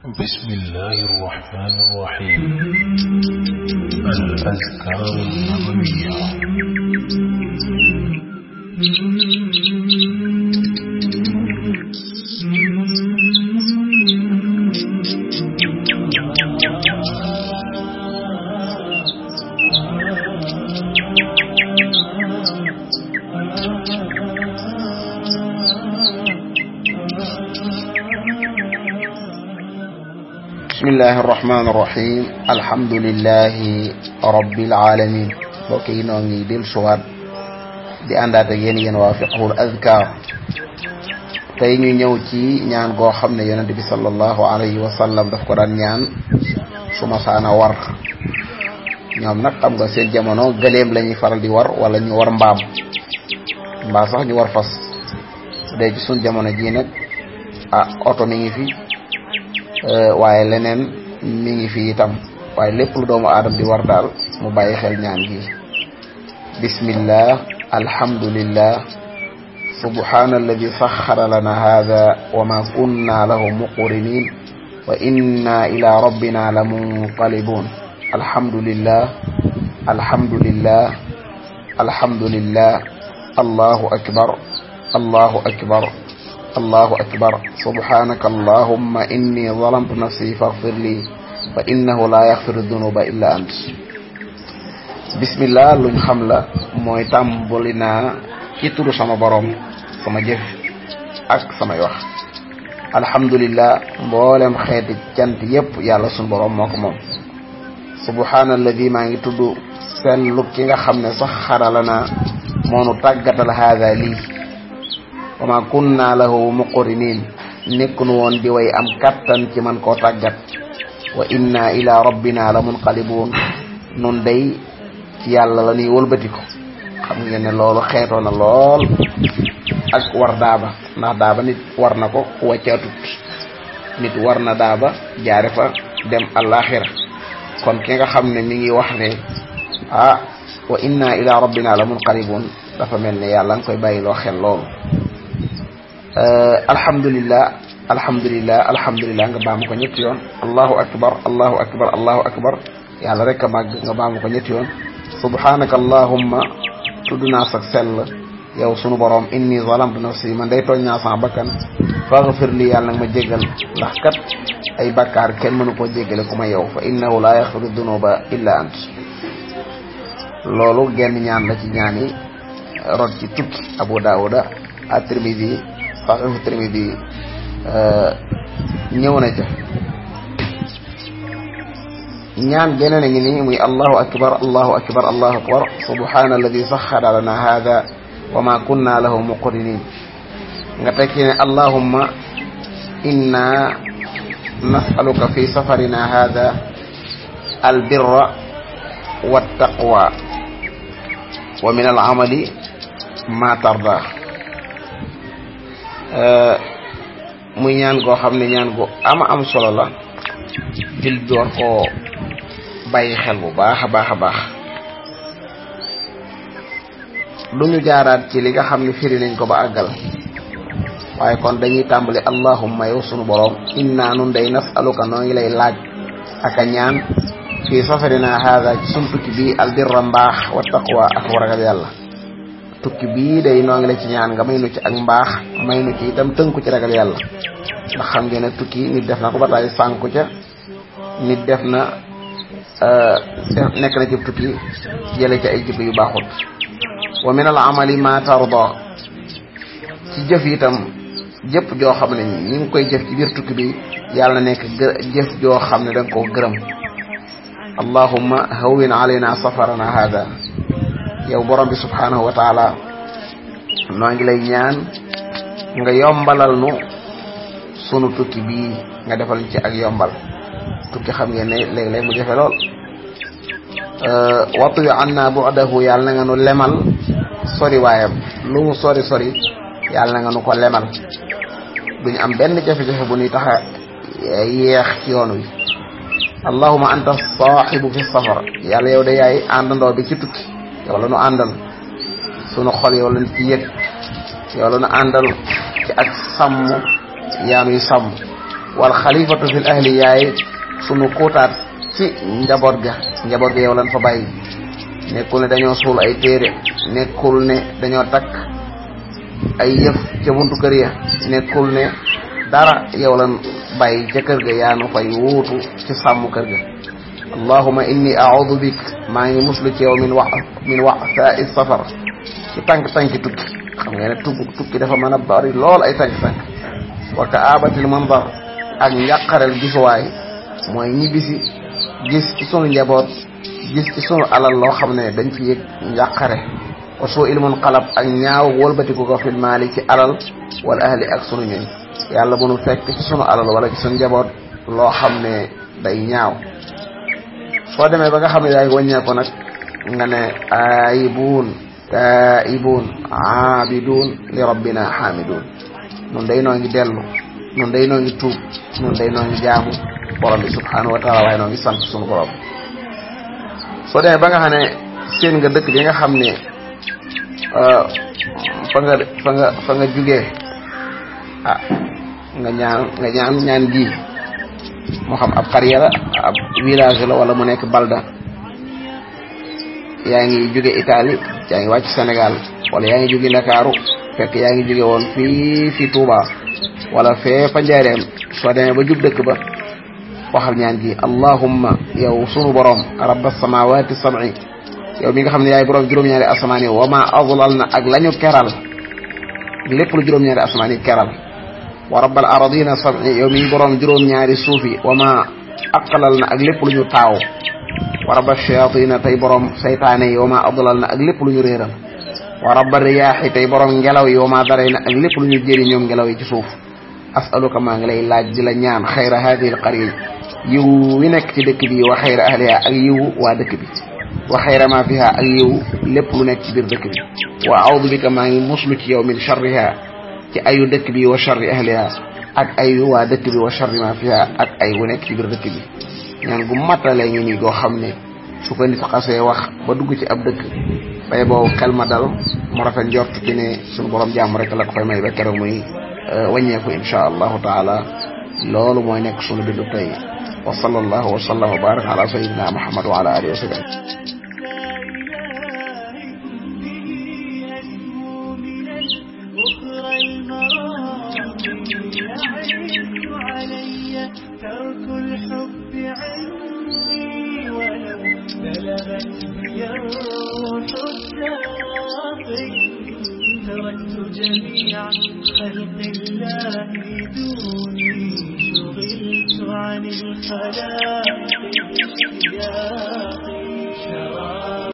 بسم الله الرحمن الرحيم الأذكار النبوية bismillahi irrahmani irrahim alhamdulilahi rabbil alamin mbokk yi noo ngi del suwaat di àndaat ak yéen yéen waa fiqhul tey ñu ñëw ci ñaan goo xam ne yonente bi sallallahu alayhi wa sallam daf ko daan ñaan su saana war ñoom nag xam nga seen jamono gëleem la faral di war wala ñu war mbaam mbaa sax ñu war fas day ci suñ jamono jii nag ah oto mi ngi fi Eh, waaye leneen mi ngi fi itam waaye lépp lu doomu aadama di war daal mu bàyyi xel ñaan gi bismillah alhamdulillah subhana alladi saxara lana hada wa ma kunna lahu muqrinin wa inna ila rabbina la munqalibun alhamdulillah alhamdulillah alhamdulillah allahu akbar allahu akbar allahu akbar subhanaka allahumma inni zalamtu nafsi faghfir li fa innahu la yaghfiru dunuba illa ant bismillah luñ xam la mooy tàmbali naa ci turu sama borom sama jëf ak samay wax alhamdulillah mboolem xeeti cant yépp yàlla suñ borom moo ko moom subhaanalladi maa ngi tudd seen lu ki nga xam ne sax xarala naa moonu tàggatal haada lii wa ma kunna lahu muqrinin nekkunu woon di way am kattan ci man koo tàggat wa inna ila rabbina la munqalibun nun day ci yàlla la nuy wëlbatiko xam ngeen ne loolu xeetoo na lool ak war daaba ndax daaba nit war na ko wàccaatut nit war na daaba jaare fa dem alaxira kon ki nga xam ne mi ngi wax ne ah wa inna ila rabbina la munqalibun dafa mel ne yàlla nga koy bàyyiloo xel loolu Eh, alhamdulillah alhamdulillah alhamdulillah nga baamu ko ñetti akbar allahu akbar allahu akbar yàlla rek a màgg nga baamu ko ñetti yoon subhanaka allahumma sell yow sunu borom inni zalamtu nafsi man day tooñ naa sama li yàlla nga ma jéggal ndax ay bakkaar kenn mënu koo jéggale ku ma yow fa innahu la yaghfiru illa ant loolu genn ñaan la ci ñaan yi rot abu daawuda at-tirmidhi al Tirmidi eh, ñëw na ca ñaan geneen a ngi nii muy allahu akbar allahu akbar allahu akbar subhaana alladi saxara lana hada wa ma kunna lahu muqrinin nga teg ci ne allahumma inna nasaluka fi safarina hada albirra wa attaqwa wa min al amali ma tarda Euh, muy ñaan goo xam ne ñaan goo ama am solo la jullit bi war koo bàyyi xel bu baax a baax a baax du ñu jaaraat ci li nga xam ne firi nañ ko ba àggal waaye kon dañuy tàmbali allahumma yow sunu borom inna nun day nasaluka noo ngi lay laaj ak a ñaan fii safarina haada ci sun tukki bii mbaax wa taqwa ak waragal yàlla tukki bii day noo la ci ñaan nga may nu ci ak mbaax may nu ci itam tënku ci ragal yàlla ndax xam ngeen ne tukki nit def na ko ba taay ca nit def na euh, nekk na ci tukki jële ay jikko yu baaxut wa min al amali ma tarda ci jëf itam jëpp joo xam ne ñi koy jëf ci biir tukki bi yàlla nekk jëf joo xam ne danga koo gërëm allahumma hawwin alayna safarana hada yow borom bi subhanahu wa taala ngi lay ñaan nga yombalal nu sunu tukki bii nga defal ci ak yombal tukki xam ngeen ne léeg-léeg mu jafe lool euh, wattu yu an naa bu'dahu yàlla nga nu lemal sori waayam lu mu sori sori yàlla na nga nu ko lemal duñu am benn jafe-jafe bu ñuy taxa yeex ci yoon wi allahuma anta saaxibu fi safar yàlla yow de yaay àndandoo bi ci tukki yow la nu àndal sunu xol yow lañ la nu àndal ci ak sàmm yaanuy sàmm wal xalifatu fil ahli yaay sunu kuutaat ci njaboot ga njaboot ga yow lañ fa bàyyi nekkul ne dañoo suul ay téere nekkul ne dañoo takk ay yëf ca buntu kër ya nekkul ne dara yow lan bàyyi ca kër ga yaa nu fay wuutu ci sàmm kër ga allahuma inni a'udhu bik maa ngi muslu ci yow min wax min wax saa i safar ci tànk-tànk tukki tukki tukki dafa mën a bari lool ay tànk-tànk wa ka aabatil manzar ak njàqareel gisuwaay mooy ñibbisi gis ci sunu njaboot gis ci sunu alal loo xam ne dañ fi yëg njàqare wa soo ilmun xalab ak ñaaw wëlbatiku ko fil maali ci alal wala ahli ak sunu ñoñ yàlla bu nu fekk ci sunu ci sunu njaboot loo xam ne day ñaaw soo demee ba nga xam ni yaa ngi wàññeeku nag nga ne ayibuun taibuun aabiduun li rabbina xaamiduun nun day noo ngi dellu nun day noo ngi tuub nun day noo ngi jaamu borom bi subhanahu wa taala waaye noo ngi sant suñu borom soo demee ba nga xam ne seen nga dëkk bi nga xam ne euh, fa nga fa nga fa nga ah, ñaan nga ñaan ñaan moo xam ab xariya la ab village la wala mu nekk balda yaa ngi jóge Italie yaa ngi wàcc Sénégal wala yaa ngi jóge Ndakaaru fekk yaa ngi jóge woon fii fii Touba wala fee fa njaareem soo demee ba jub dëkk ba waxal ñaan gi allahumma yow sunu borom rabba samawati sab'i yow mi nga xam ne yaay borom juróom-ñaari asamaan yi wa ma azlal na ak lañu keral lépp lu juróom-ñaari asamaan keral wa rabbal aradina sab'i yow mi boroom juróom-ñaari suuf yi wa ma aqalal na ak lépp lu ñu taaw wa rabba shayatina tey boroom saytaane yi wa ma adlal na ak lépp lu ñu réeral wa rabba riyaaxi tey boroom ngelaw yi wa ma daray na ak lépp lu ñu jëri ñoom ngelaw yi ci suuf asaluka maa ngi lay laaj di la ñaan xayra hadihi alqarya yiw wi nekk ci dëkk bi wa xayra ahliha ak yiw waa dëkk bi wa xayra ma fiha ak yiw lépp lu nekk ci biir dëkk bi wa audu bika maa ngi muslu ci yow min sharriha ci ayu dëkk bi wa sharri ahliha ak ayu waa dëkk bi wa sharri ma fiha ak ay wu nekk ci biir dëkk bi ñaan gu mattale goo xam ne su ko wax ba dugg ci ab dëkk bay boobu xel ma dal mu rafet njort ci ne suñu borom jàmm rek la fay may ba keroog muy euh, wàññeeku insha allahu taala loolu mooy nekk suñu bindu tey wa sallallahu wa sallam wa baraka ala sayyidina muhammad wa ala alihi wa sallam قدامي تركت جميع خلق الله دوني شغلت عن الخلائق يا